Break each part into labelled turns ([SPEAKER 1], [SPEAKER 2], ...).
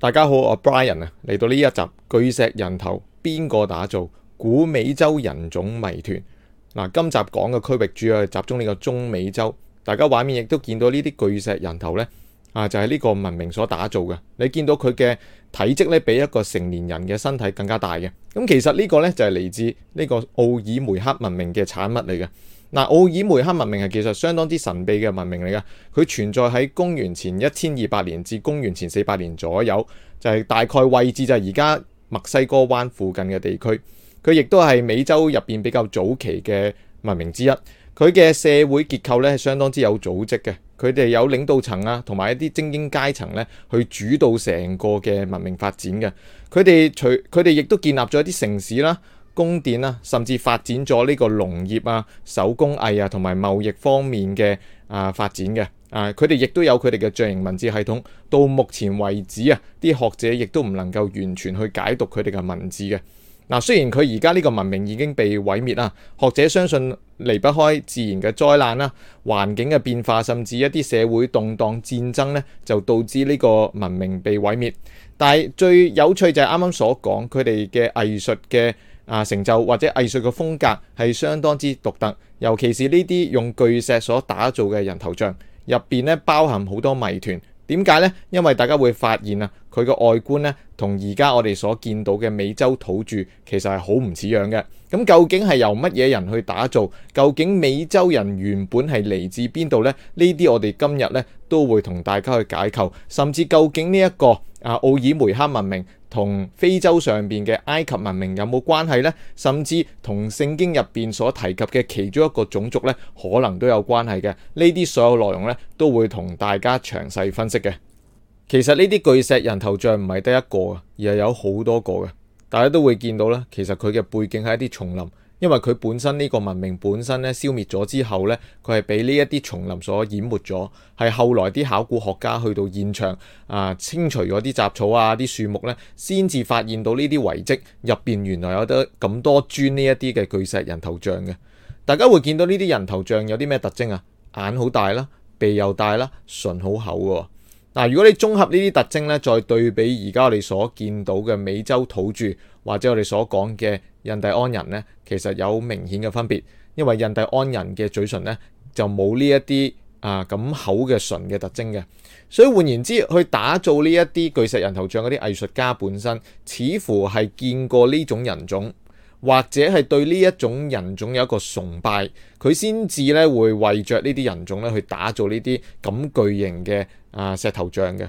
[SPEAKER 1] 大家好，我係 Brian 啊，嚟到呢一集巨石人頭，邊個打造古美洲人種謎團嗱，今集講嘅區域主要係集中呢個中美洲，大家畫面亦都見到呢啲巨石人頭呢，啊，就係呢個文明所打造嘅。你見到佢嘅體積咧，比一個成年人嘅身體更加大嘅。咁其實呢個呢，就係嚟自呢個奧爾梅克文明嘅產物嚟嘅。嗱、呃，奧爾梅克文明係其實相當之神秘嘅文明嚟㗎，佢存在喺公元前一千二百年至公元前四百年左右，就係、是、大概位置就係而家墨西哥灣附近嘅地區。佢亦都係美洲入邊比較早期嘅文明之一。佢嘅社會結構咧係相當之有組織嘅，佢哋有領導層啊，同埋一啲精英階層咧去主導成個嘅文明發展嘅。佢哋除佢哋亦都建立咗一啲城市啦、啊。宮殿啊，甚至發展咗呢個農業啊、手工藝啊，同埋貿易方面嘅啊發展嘅啊。佢哋亦都有佢哋嘅象形文字系統。到目前為止啊，啲學者亦都唔能夠完全去解讀佢哋嘅文字嘅嗱、啊。雖然佢而家呢個文明已經被毀滅啦，學者相信離不開自然嘅災難啦、環境嘅變化，甚至一啲社會動盪、戰爭呢，就導致呢個文明被毀滅。但係最有趣就係啱啱所講，佢哋嘅藝術嘅。啊！成就或者藝術嘅風格係相當之獨特，尤其是呢啲用巨石所打造嘅人頭像，入邊咧包含好多謎團。點解呢？因為大家會發現啊，佢嘅外觀咧，同而家我哋所見到嘅美洲土著其實係好唔似樣嘅。咁究竟係由乜嘢人去打造？究竟美洲人原本係嚟自邊度呢？呢啲我哋今日咧都會同大家去解構，甚至究竟呢一個啊奧爾梅克文明同非洲上邊嘅埃及文明有冇關係呢？甚至同聖經入邊所提及嘅其中一個種族呢，可能都有關係嘅。呢啲所有內容呢，都會同大家詳細分析嘅。其實呢啲巨石人頭像唔係得一個嘅，而係有好多個嘅。大家都會見到啦，其實佢嘅背景係一啲叢林。因為佢本身呢個文明本身咧消滅咗之後呢，佢係俾呢一啲叢林所掩沒咗，係後來啲考古學家去到現場啊，清除咗啲雜草啊、啲樹木呢，先至發現到呢啲遺跡入邊原來有得咁多尊呢一啲嘅巨石人頭像嘅。大家會見到呢啲人頭像有啲咩特徵啊？眼好大啦、啊，鼻又大啦、啊，唇好厚嘅、啊。嗱、啊，如果你綜合呢啲特徵呢，再對比而家我哋所見到嘅美洲土著。或者我哋所講嘅印第安人呢，其實有明顯嘅分別，因為印第安人嘅嘴唇呢，就冇呢一啲啊咁厚嘅唇嘅特徵嘅。所以換言之，去打造呢一啲巨石人頭像嗰啲藝術家本身，似乎係見過呢種人種，或者係對呢一種人種有一個崇拜，佢先至呢會為着呢啲人種呢去打造呢啲咁巨型嘅啊，呃，石頭像嘅。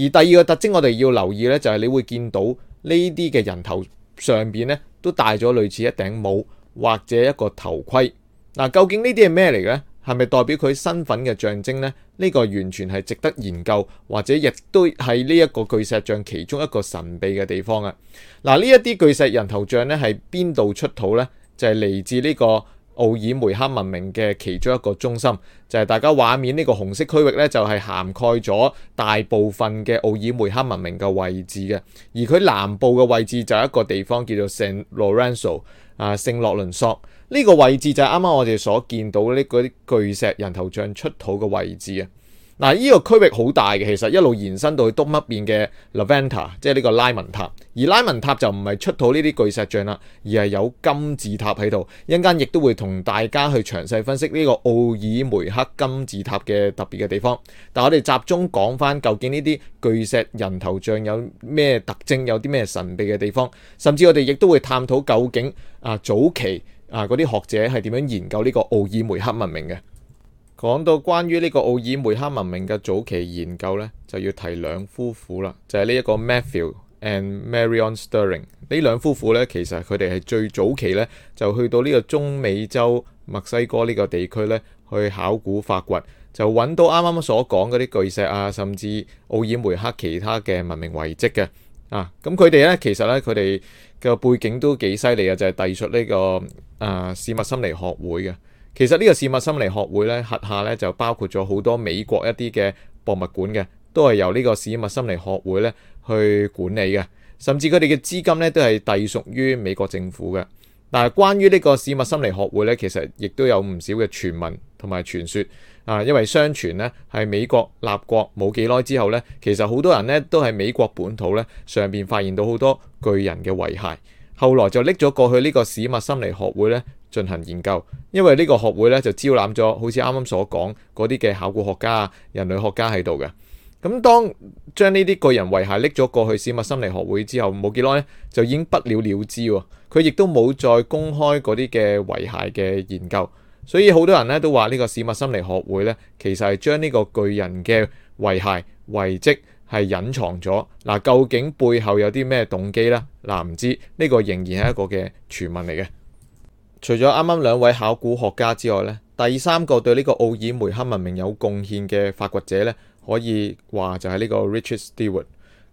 [SPEAKER 1] 而第二個特徵我哋要留意呢，就係，係，你會見到。呢啲嘅人頭上邊呢，都戴咗類似一頂帽或者一個頭盔。嗱、啊，究竟呢啲係咩嚟嘅咧？係咪代表佢身份嘅象徵呢？呢、個完全係值得研究，或者亦都係呢一個巨石像其中一個神秘嘅地方啊！嗱，呢一啲巨石人頭像呢係邊度出土呢？就係、係、嚟自呢、個。奧爾梅克文明嘅其中一個中心，就係大家畫面呢個紅色區域呢，就係涵蓋咗大部分嘅奧爾梅克文明嘅位置嘅。而佢南部嘅位置就係一個地方叫做聖洛倫索啊，聖洛倫索呢個位置就係啱啱我哋所見到呢嗰啲巨石人頭像出土嘅位置啊。嗱，呢個區域好大嘅，其實一路延伸到去東北邊嘅 La Venta，即係呢個拉文塔。而拉文塔就唔係出土呢啲巨石像啦，而係有金字塔喺度。一陣間亦都會同大家去詳細分析呢個奧爾梅克金字塔嘅特別嘅地方。但我哋集中講翻究竟呢啲巨石人頭像有咩特徵，有啲咩神秘嘅地方，甚至我哋亦都會探討究竟啊早期啊嗰啲學者係點樣研究呢個奧爾梅克文明嘅。講到關於呢個奧爾梅克文明嘅早期研究呢，就要提兩夫婦啦，就係呢一個 Matthew and Marion Stirling 呢兩夫婦呢，其實佢哋係最早期呢，就去到呢個中美洲墨西哥呢個地區呢去考古發掘，就揾到啱啱所講嗰啲巨石啊，甚至奧爾梅克其他嘅文明遺跡嘅啊，咁佢哋呢，其實呢，佢哋嘅背景都幾犀利啊，就係隸屬呢個誒史密森尼學會嘅。其實呢個史密森尼學會咧，轄下咧就包括咗好多美國一啲嘅博物館嘅，都係由呢個史密森尼學會咧去管理嘅，甚至佢哋嘅資金咧都係隸屬於美國政府嘅。但係，關於呢個史密森尼學會咧，其實亦都有唔少嘅傳聞同埋傳說啊，因為相傳咧係美國立國冇幾耐之後咧，其實好多人咧都係美國本土咧上邊發現到好多巨人嘅遺骸，後來就拎咗過去呢個史密森尼學會咧進行研究，因為呢個學會咧就招攬咗好似啱啱所講嗰啲嘅考古學家、人類學家喺度嘅。咁當將呢啲巨人遺骸拎咗過去史密森尼學會之後，冇幾耐咧就已經不了了之喎。佢亦都冇再公開嗰啲嘅遺骸嘅研究，所以好多人咧都話呢個史密森尼學會咧其實係將呢個巨人嘅遺骸遺跡係隱藏咗。嗱，究竟背後有啲咩動機呢？嗱，唔知呢個仍然係一個嘅傳聞嚟嘅。除咗啱啱兩位考古學家之外咧，第三個對呢個奧爾梅克文明有貢獻嘅發掘者咧，可以話就係呢個 Richard Stewart。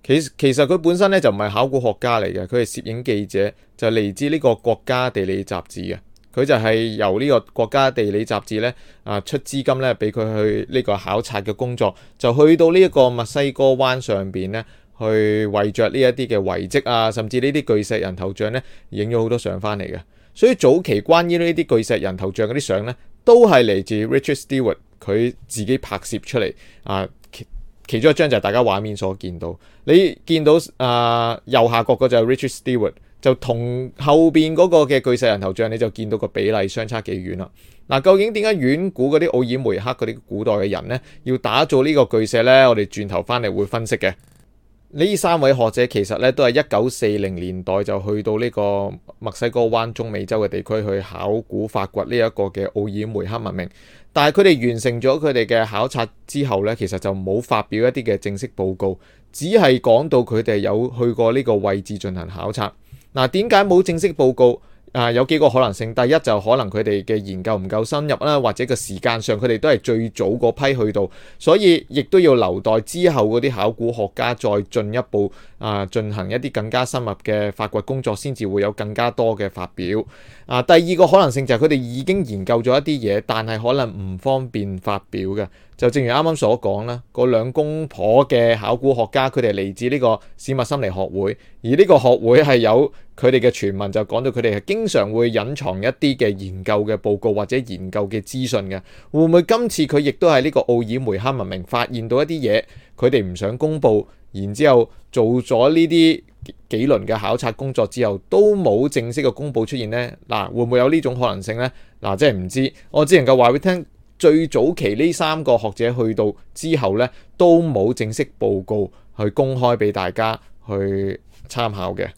[SPEAKER 1] 其其實佢本身咧就唔係考古學家嚟嘅，佢係攝影記者，就嚟自呢個國家地理雜誌嘅。佢就係由呢個國家地理雜誌咧啊出資金咧，俾佢去呢個考察嘅工作，就去到呢一個墨西哥灣上邊咧，去圍着呢一啲嘅遺跡啊，甚至呢啲巨石人頭像咧，影咗好多相翻嚟嘅。所以早期關於呢啲巨石人頭像嗰啲相呢，都係嚟自 Richard Stewart 佢自己拍攝出嚟。啊，其其中一張就係大家畫面所見到。你見到啊、呃、右下角嗰就 Richard Stewart，就同後邊嗰個嘅巨石人頭像，你就見到個比例相差幾遠啦。嗱、啊，究竟點解遠古嗰啲奧爾梅克嗰啲古代嘅人呢，要打造呢個巨石呢？我哋轉頭翻嚟會分析嘅。呢三位學者其實咧都係一九四零年代就去到呢個墨西哥灣中美洲嘅地區去考古發掘呢一個嘅奧爾梅克文明，但係佢哋完成咗佢哋嘅考察之後咧，其實就冇發表一啲嘅正式報告，只係講到佢哋有去過呢個位置進行考察。嗱、啊，點解冇正式報告？啊，有幾個可能性。第一就可能佢哋嘅研究唔夠深入啦，或者個時間上佢哋都係最早嗰批去到，所以亦都要留待之後嗰啲考古學家再進一步，啊，進行一啲更加深入嘅發掘工作，先至會有更加多嘅發表。啊，第二個可能性就係佢哋已經研究咗一啲嘢，但係可能唔方便發表嘅。就正如啱啱所講啦，個兩公婆嘅考古學家，佢哋嚟自呢個史密森尼學會，而呢個學會係有佢哋嘅傳聞，就講到佢哋係經常會隱藏一啲嘅研究嘅報告或者研究嘅資訊嘅。會唔會今次佢亦都係呢個奧爾梅克文明發現到一啲嘢，佢哋唔想公佈？然之後做咗呢啲幾輪嘅考察工作之後，都冇正式嘅公佈出現呢。嗱，會唔會有呢種可能性呢？嗱，即係唔知，我只能夠話俾你聽，最早期呢三個學者去到之後呢，都冇正式報告去公開俾大家去參考嘅。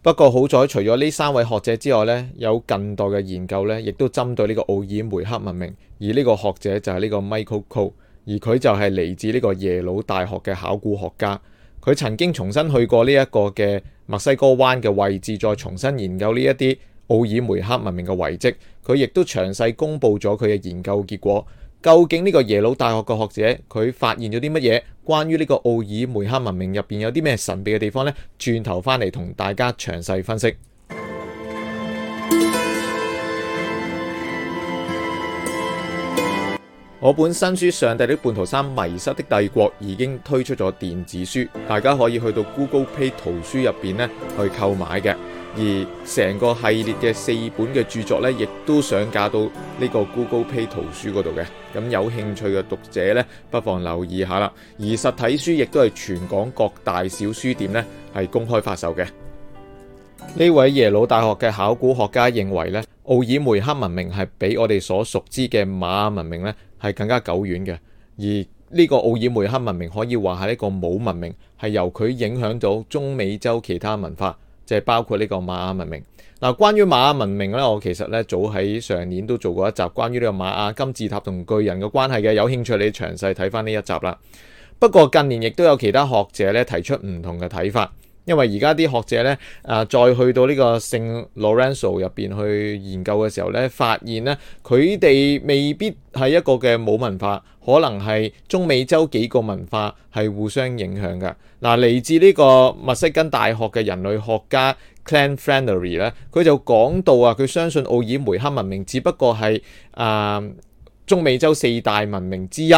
[SPEAKER 1] 不過好在除咗呢三位學者之外呢，有近代嘅研究呢，亦都針對呢個奧爾梅克文明，而呢個學者就係呢個 Michael Cole，而佢就係嚟自呢個耶魯大學嘅考古學家。佢曾經重新去過呢一個嘅墨西哥灣嘅位置，再重新研究呢一啲奧爾梅克文明嘅遺跡。佢亦都詳細公布咗佢嘅研究結果。究竟呢個耶魯大學嘅學者，佢發現咗啲乜嘢？關於呢個奧爾梅克文明入邊有啲咩神秘嘅地方呢？轉頭翻嚟同大家詳細分析。我本新書《上帝的叛徒三迷失的帝國》已經推出咗電子書，大家可以去到 Google Play 圖書入邊咧去購買嘅。而成個系列嘅四本嘅著作呢，亦都上架到呢個 Google Play 圖書嗰度嘅。咁有興趣嘅讀者呢，不妨留意下啦。而實體書亦都係全港各大小書店呢係公開發售嘅。呢位耶魯大學嘅考古學家認為呢，奧爾梅克文明係比我哋所熟知嘅瑪雅文明呢，係更加久遠嘅，而呢個奧爾梅克文明可以話係一個母文明，係由佢影響到中美洲其他文化，即係包括呢個瑪雅文明。嗱，關於瑪雅文明呢，我其實呢早喺上年都做過一集關於呢個瑪雅金字塔同巨人嘅關係嘅，有興趣你詳細睇返呢一集啦。不過近年亦都有其他學者呢提出唔同嘅睇法。因為而家啲學者咧，啊，再去到呢個聖洛蘭索入邊去研究嘅時候咧，發現咧，佢哋未必係一個嘅冇文化，可能係中美洲幾個文化係互相影響嘅。嗱、啊，嚟自呢個墨西根大學嘅人類學家 Clan Flannery 咧，佢就講到啊，佢相信奧爾梅克文明只不過係啊中美洲四大文明之一，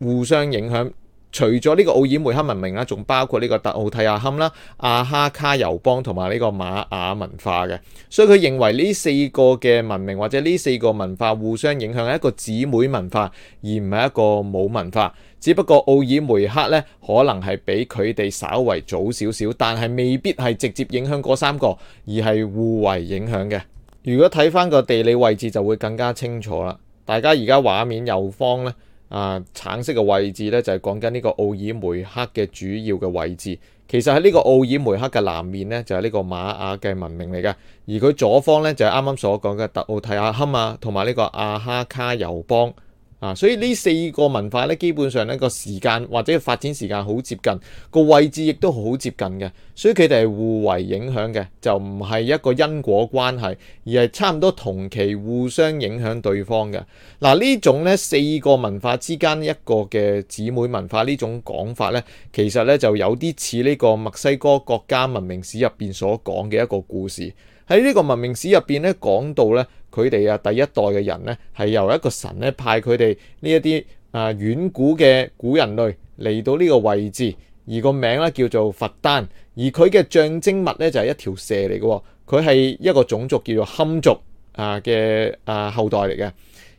[SPEAKER 1] 互相影響。除咗呢個奧爾梅克文明啦，仲包括呢個特奧提亞坎啦、阿哈卡油邦同埋呢個瑪雅文化嘅，所以佢認為呢四個嘅文明或者呢四個文化互相影響係一個姊妹文化，而唔係一個母文化。只不過奧爾梅克咧可能係比佢哋稍為早少少，但係未必係直接影響嗰三個，而係互為影響嘅。如果睇翻個地理位置就會更加清楚啦。大家而家畫面右方呢。啊！橙色嘅位置咧就係講緊呢個奧爾梅克嘅主要嘅位置。其實喺呢個奧爾梅克嘅南面咧就係、是、呢個瑪雅嘅文明嚟嘅，而佢左方咧就係啱啱所講嘅特奧提亞坎啊，同埋呢個阿哈卡尤邦。啊，所以呢四個文化咧，基本上咧個時間或者發展時間好接近，個位置亦都好接近嘅，所以佢哋係互為影響嘅，就唔係一個因果關係，而係差唔多同期互相影響對方嘅。嗱、啊、呢種咧四個文化之間一個嘅姊妹文化種呢種講法咧，其實咧就有啲似呢個墨西哥國家文明史入邊所講嘅一個故事。喺呢個文明史入邊咧講到咧。佢哋啊，第一代嘅人呢，係由一個神咧派佢哋呢一啲啊遠古嘅古人類嚟到呢個位置，而個名呢，叫做佛丹，而佢嘅象徵物呢，就係一條蛇嚟嘅。佢係一個種族叫做堪族啊嘅啊後代嚟嘅。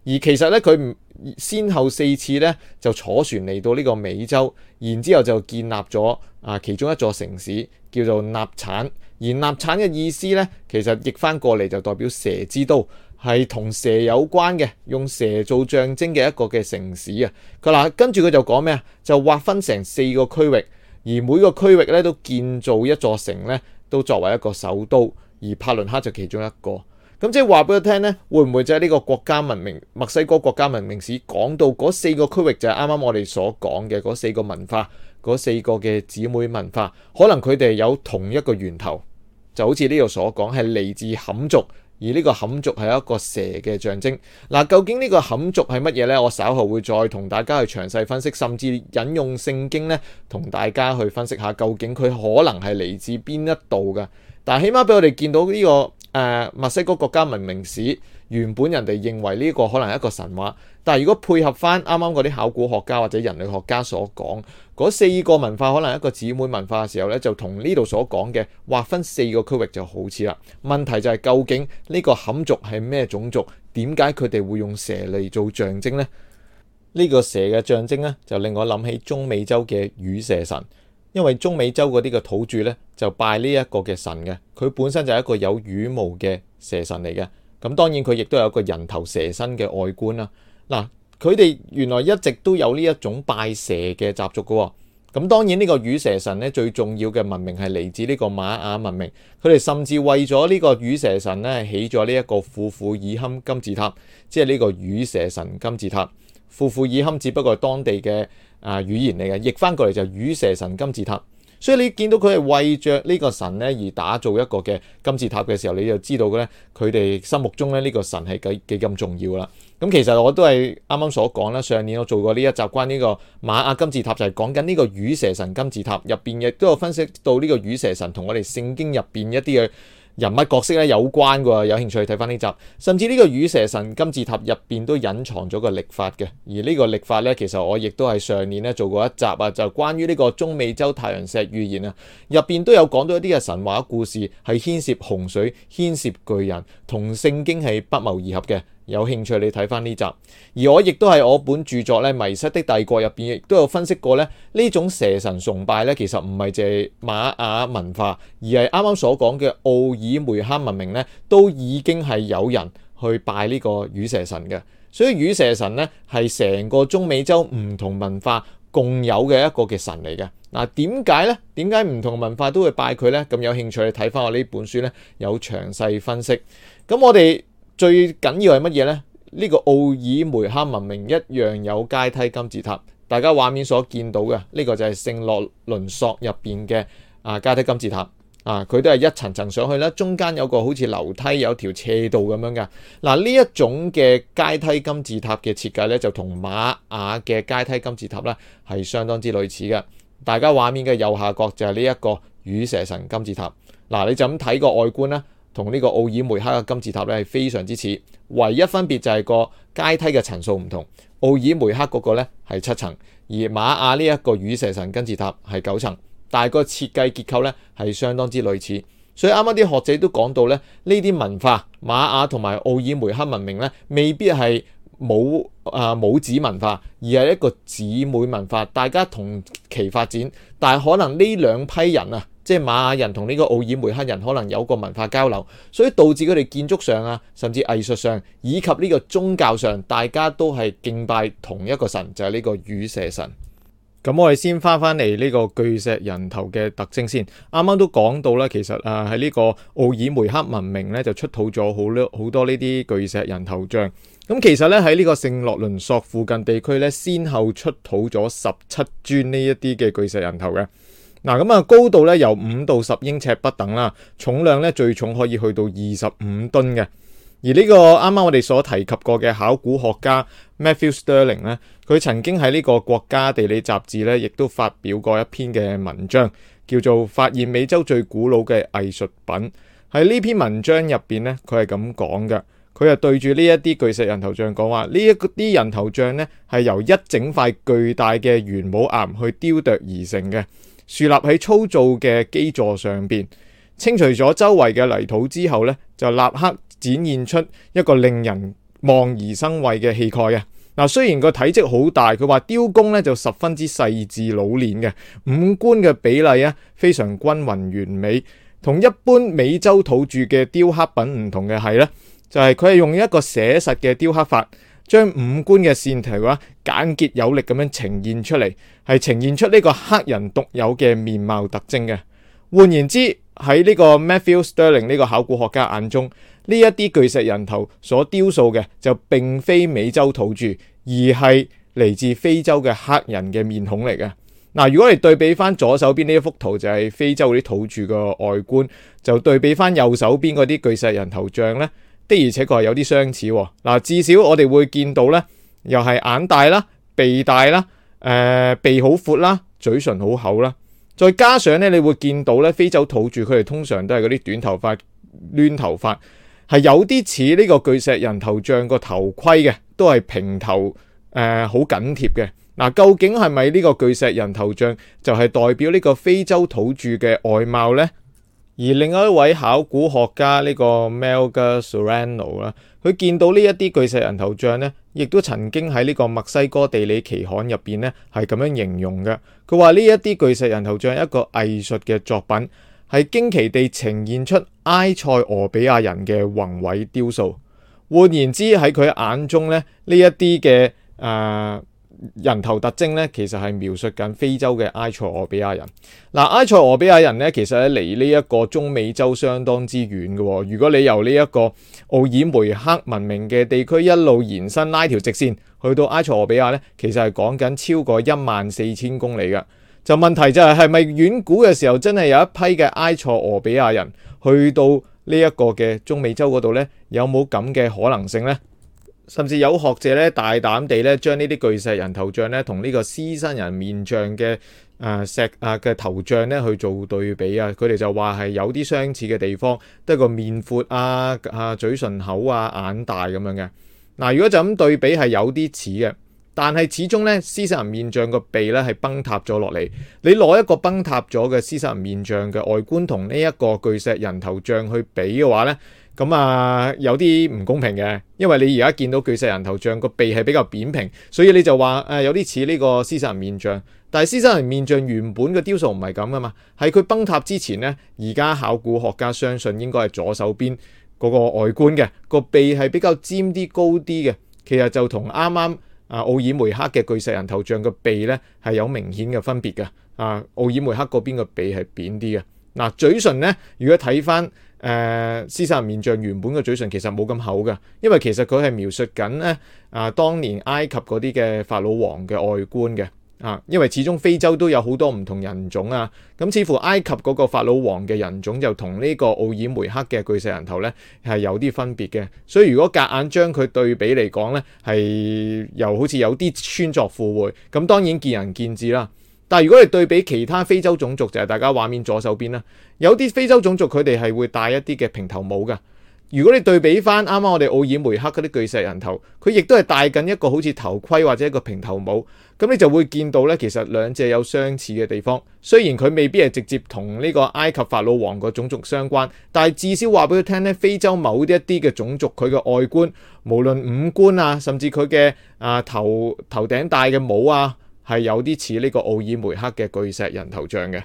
[SPEAKER 1] 而其實呢，佢唔先後四次呢，就坐船嚟到呢個美洲，然之後就建立咗啊其中一座城市叫做納產，而納產嘅意思呢，其實譯翻過嚟就代表蛇之都。係同蛇有關嘅，用蛇做象徵嘅一個嘅城市啊！佢嗱，跟住佢就講咩啊？就劃分成四個區域，而每個區域咧都建造一座城咧，都作為一個首都，而帕倫克就其中一個。咁即係話俾佢聽咧，會唔會就係呢個國家文明，墨西哥國家文明史講到嗰四個區域就係啱啱我哋所講嘅嗰四個文化，嗰四個嘅姊妹文化，可能佢哋有同一個源頭，就好似呢度所講係嚟自坎族。而呢個坎族係一個蛇嘅象徵。嗱、啊，究竟呢個坎族係乜嘢呢？我稍後會再同大家去詳細分析，甚至引用聖經呢，同大家去分析下究竟佢可能係嚟自邊一度㗎。但係起碼俾我哋見到呢、呢個。Uh, 墨西哥國家文明史原本人哋認為呢個可能係一個神話，但係如果配合翻啱啱嗰啲考古學家或者人類學家所講，嗰四個文化可能一個姊妹文化嘅時候呢，就同呢度所講嘅劃分四個區域就好似啦。問題就係究竟呢個坎族係咩種族？點解佢哋會用蛇嚟做象徵呢？呢、呢個蛇嘅象徵呢，就令我諗起中美洲嘅羽蛇神。因為中美洲嗰啲嘅土著咧，就拜呢一個嘅神嘅，佢本身就係一個有羽毛嘅蛇神嚟嘅，咁當然佢亦都有一個人頭蛇身嘅外觀啦。嗱，佢哋原來一直都有呢一種拜蛇嘅習俗嘅。咁當然呢個羽蛇神咧，最重要嘅文明係嚟自呢個瑪雅文明，佢哋甚至為咗呢個羽蛇神咧起咗呢一個庫庫爾坎金字塔，即係呢個羽蛇神金字塔。富富爾堪，只不過係當地嘅啊語言嚟嘅，譯返過嚟就係羽蛇神金字塔。所以你見到佢係為着呢個神咧而打造一個嘅金字塔嘅時候，你就知道咧佢哋心目中咧呢個神係幾幾咁重要啦。咁其實我都係啱啱所講啦，上年我做過呢一集關呢個瑪雅金字塔，就係講緊呢個羽蛇神金字塔，入邊亦都有分析到呢個羽蛇神同我哋聖經入邊一啲嘅。人物角色咧有關喎，有興趣睇翻呢集。甚至呢、呢個羽蛇神金字塔入邊都隱藏咗個歷法嘅，而個歷呢個歷法咧，其實我亦都係上年咧做過一集啊，就是、關於呢個中美洲太陽石預言啊，入邊都有講到一啲嘅神話故事，係牽涉洪水、牽涉巨人，同聖經係不謀而合嘅。有興趣你睇翻呢集，而我亦都係我本著作咧《迷失的帝國》入邊亦都有分析過咧，呢種蛇神崇拜咧其實唔係隻馬雅文化，而係啱啱所講嘅奧爾梅克文明咧，都已經係有人去拜呢個羽蛇神嘅。所以羽蛇神咧係成個中美洲唔同文化共有嘅一個嘅神嚟嘅。嗱，點解咧？點解唔同文化都會拜佢咧？咁有興趣你睇翻我呢本書咧，有詳細分析。咁我哋。最緊要係乜嘢呢？呢、這個奧爾梅克文明一樣有階梯金字塔，大家畫面所見到嘅呢、這個就係聖洛倫索入邊嘅啊階梯金字塔啊，佢都係一層層上去啦，中間有個好似樓梯有條斜道咁樣嘅。嗱、啊，呢一種嘅階梯金字塔嘅設計咧，就同瑪雅嘅階梯金字塔咧係相當之類似嘅。大家畫面嘅右下角就係呢一個羽蛇神金字塔。嗱、啊，你就咁睇個外觀啦。同呢個奧爾梅克嘅金字塔咧係非常之似，唯一分別就係個階梯嘅層數唔同。奧爾梅克嗰個咧係七層，而馬雅呢一個羽蛇神金字塔係九層，但係個設計結構咧係相當之類似。所以啱啱啲學者都講到咧，呢啲文化馬雅同埋奧爾梅克文明咧未必係母啊母子文化，而係一個姊妹文化，大家同期發展，但係可能呢兩批人啊。即係瑪雅人同呢個奧爾梅克人可能有個文化交流，所以導致佢哋建築上啊，甚至藝術上以及呢個宗教上，大家都係敬拜同一個神，就係呢個羽蛇神。咁我哋先翻翻嚟呢個巨石人頭嘅特徵先。啱啱都講到啦，其實啊喺呢個奧爾梅克文明呢，就出土咗好多好多呢啲巨石人頭像。咁其實呢，喺呢個聖洛倫索附近地區呢，先後出土咗十七尊呢一啲嘅巨石人頭嘅。嗱咁啊，高度咧由五到十英尺不等啦，重量咧最重可以去到二十五噸嘅。而呢個啱啱我哋所提及過嘅考古學家 Matthew Stirling 咧，佢曾經喺呢個國家地理雜誌咧，亦都發表過一篇嘅文章，叫做《發現美洲最古老嘅藝術品》。喺呢篇文章入邊咧，佢係咁講嘅，佢又對住呢一啲巨石人頭像講話，呢一啲人頭像咧係由一整塊巨大嘅玄武岩去雕琢而成嘅。樹立喺粗糙嘅基座上邊，清除咗周圍嘅泥土之後呢，就立刻展現出一個令人望而生畏嘅氣概嘅。嗱，雖然個體積好大，佢話雕工呢就十分之細緻老練嘅，五官嘅比例啊非常均勻完美，同一般美洲土著嘅雕刻品唔同嘅係呢就係佢係用一個寫實嘅雕刻法。將五官嘅線條啊簡潔有力咁樣呈現出嚟，係呈現出呢個黑人獨有嘅面貌特徵嘅。換言之，喺呢個 Matthew Stirling 呢個考古學家眼中，呢一啲巨石人頭所雕塑嘅就並非美洲土著，而係嚟自非洲嘅黑人嘅面孔嚟嘅。嗱、啊，如果你對比翻左手邊呢一幅圖，就係、是、非洲嗰啲土著嘅外觀，就對比翻右手邊嗰啲巨石人頭像呢。的而且確係有啲相似，嗱，至少我哋會見到呢，又係眼大啦、鼻大啦、誒、呃、鼻好闊啦、嘴唇好厚啦，再加上呢，你會見到呢非洲土著佢哋通常都係嗰啲短頭髮、攣頭髮，係有啲似呢個巨石人頭像個頭盔嘅，都係平頭誒，好、呃、緊貼嘅。嗱、呃，究竟係咪呢個巨石人頭像就係代表呢個非洲土著嘅外貌呢？而另外一位考古學家呢、這個 Melga Serrano 啦，佢見到呢一啲巨石人頭像呢，亦都曾經喺呢個墨西哥地理期刊入邊呢係咁樣形容嘅。佢話呢一啲巨石人頭像係一個藝術嘅作品，係驚奇地呈現出埃塞俄比亞人嘅宏偉雕塑。換言之，喺佢眼中呢，呢一啲嘅誒。呃人頭特徵咧，其實係描述緊非洲嘅埃塞俄比亞人。嗱、啊，埃塞俄比亞人咧，其實咧離呢一個中美洲相當之遠嘅、哦。如果你由呢一個奧爾梅克文明嘅地區一路延伸拉條直線去到埃塞俄比亞咧，其實係講緊超過一萬四千公里嘅。就問題就係係咪遠古嘅時候真係有一批嘅埃塞俄比亞人去到呢一個嘅中美洲嗰度呢？有冇咁嘅可能性呢？甚至有學者咧大膽地咧將呢啲巨石人頭像咧同呢個獅身人面像嘅誒石啊嘅頭像咧去做對比啊，佢哋就話係有啲相似嘅地方，得係個面闊啊，啊嘴唇厚啊，眼大咁樣嘅。嗱，啊，如果就咁對比係有啲似嘅，但係始終咧獅身人面像個鼻咧係崩塌咗落嚟。你攞一個崩塌咗嘅獅身人面像嘅外觀同呢一個巨石人頭像去比嘅話咧？咁啊，有啲唔公平嘅，因為你而家見到巨石人頭像個鼻係比較扁平，所以你就話誒、呃、有啲似呢個獅身人面像。但係獅身人面像原本嘅雕塑唔係咁㗎嘛，喺佢崩塌之前呢，而家考古學家相信應該係左手邊嗰個外觀嘅個鼻係比較尖啲高啲嘅，其實就同啱啱啊奧爾梅克嘅巨石人頭像個鼻呢係有明顯嘅分別嘅。啊，奧爾梅克嗰、啊、邊個鼻係扁啲嘅。嗱、啊，嘴唇呢，如果睇返，誒，獅身人面像原本嘅嘴唇其實冇咁厚嘅，因為其實佢係描述緊咧啊，當年埃及嗰啲嘅法老王嘅外觀嘅啊，因為始終非洲都有好多唔同人種啊，咁似乎埃及嗰個法老王嘅人種就同呢個奧爾梅克嘅巨石人頭呢係有啲分別嘅，所以如果夾硬將佢對比嚟講呢，係又好似有啲穿鑿附會，咁當然見仁見智啦。但如果你對比其他非洲種族，就係大家畫面左手邊啦，有啲非洲種族佢哋係會戴一啲嘅平頭帽噶。如果你對比翻啱啱我哋奧爾梅克嗰啲巨石人頭，佢亦都係戴緊一個好似頭盔或者一個平頭帽。咁你就會見到呢，其實兩者有相似嘅地方。雖然佢未必係直接同呢個埃及法老王個種族相關，但係至少話俾佢聽，呢非洲某一啲嘅種族佢嘅外觀，無論五官啊，甚至佢嘅啊頭頭頂戴嘅帽啊，係有啲似呢個奧爾梅克嘅巨石人頭像嘅，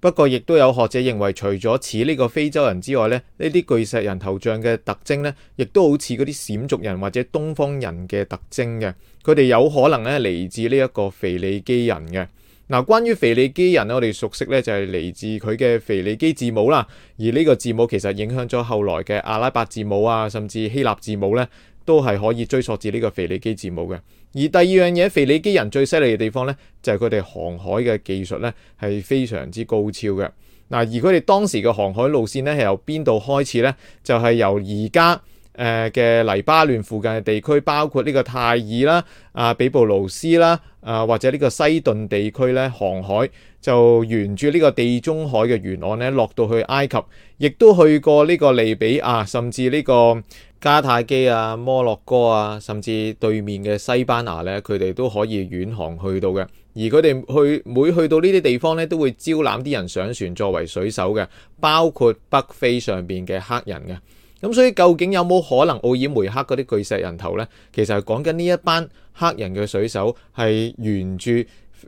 [SPEAKER 1] 不過亦都有學者認為，除咗似呢個非洲人之外咧，呢啲巨石人頭像嘅特徵呢，亦都好似嗰啲閃族人或者東方人嘅特徵嘅。佢哋有可能呢嚟自呢一個腓尼基人嘅。嗱，啊，關於腓尼基人呢，我哋熟悉呢就係、是、嚟自佢嘅腓尼基字母啦，而呢個字母其實影響咗後來嘅阿拉伯字母啊，甚至希臘字母呢，都係可以追溯至呢個腓尼基字母嘅。而第二樣嘢，腓尼基人最犀利嘅地方呢，就係佢哋航海嘅技術呢係非常之高超嘅。嗱，而佢哋當時嘅航海路線呢，係由邊度開始呢？就係由而家誒嘅黎巴嫩附近嘅地區，包括呢個泰爾啦、啊比布魯斯啦、啊或者呢個西頓地區呢，航海就沿住呢個地中海嘅沿岸呢落到去埃及，亦都去過呢個利比亞，甚至呢個，迦太基啊、摩洛哥啊，甚至對面嘅西班牙咧，佢哋都可以遠航去到嘅。而佢哋去每去到呢啲地方咧，都會招攬啲人上船作為水手嘅，包括北非上邊嘅黑人嘅。咁所以究竟有冇可能奧爾梅克嗰啲巨石人頭呢？其實係講緊呢一班黑人嘅水手係沿住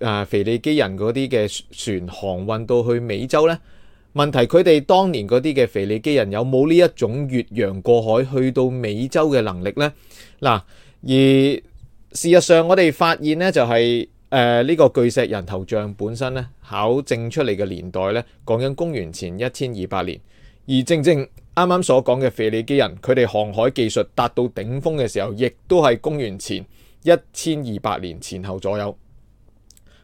[SPEAKER 1] 誒腓尼基人嗰啲嘅船航運到去美洲呢。問題，佢哋當年嗰啲嘅腓尼基人有冇呢一種越洋過海去到美洲嘅能力呢？嗱，而事實上我哋發現呢就係誒呢個巨石人頭像本身呢，考證出嚟嘅年代呢，講緊公元前一千二百年，而正正啱啱所講嘅腓尼基人，佢哋航海技術達到頂峰嘅時候，亦都係公元前一千二百年前後左右。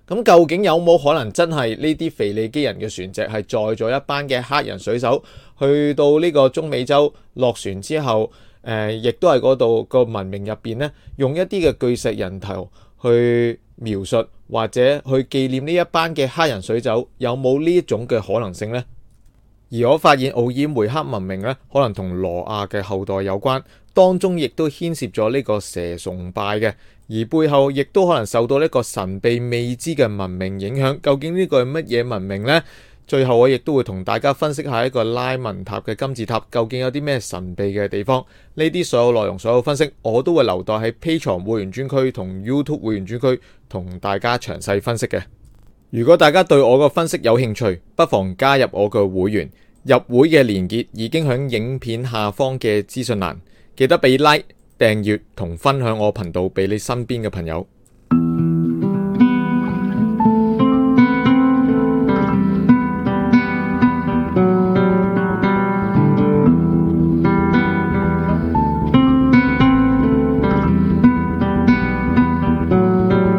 [SPEAKER 1] 咁究竟有冇可能真係呢啲腓尼基人嘅船隻係載咗一班嘅黑人水手，去到呢個中美洲落船之後，誒、呃、亦都係嗰度個文明入邊呢，用一啲嘅巨石人頭去描述或者去紀念呢一班嘅黑人水手，有冇呢種嘅可能性呢？而我發現奧爾梅克文明呢，可能同羅亞嘅後代有關。當中亦都牽涉咗呢個蛇崇拜嘅，而背後亦都可能受到呢個神秘未知嘅文明影響。究竟呢個係乜嘢文明呢？最後我亦都會同大家分析一下一個拉文塔嘅金字塔，究竟有啲咩神秘嘅地方？呢啲所有內容、所有分析，我都會留待喺 Pay 財會員專區同 YouTube 會員專區同大家詳細分析嘅。如果大家對我個分析有興趣，不妨加入我個會員。入會嘅連結已經響影片下方嘅資訊欄。記得俾 like、訂閱同分享我頻道俾你身邊嘅朋友。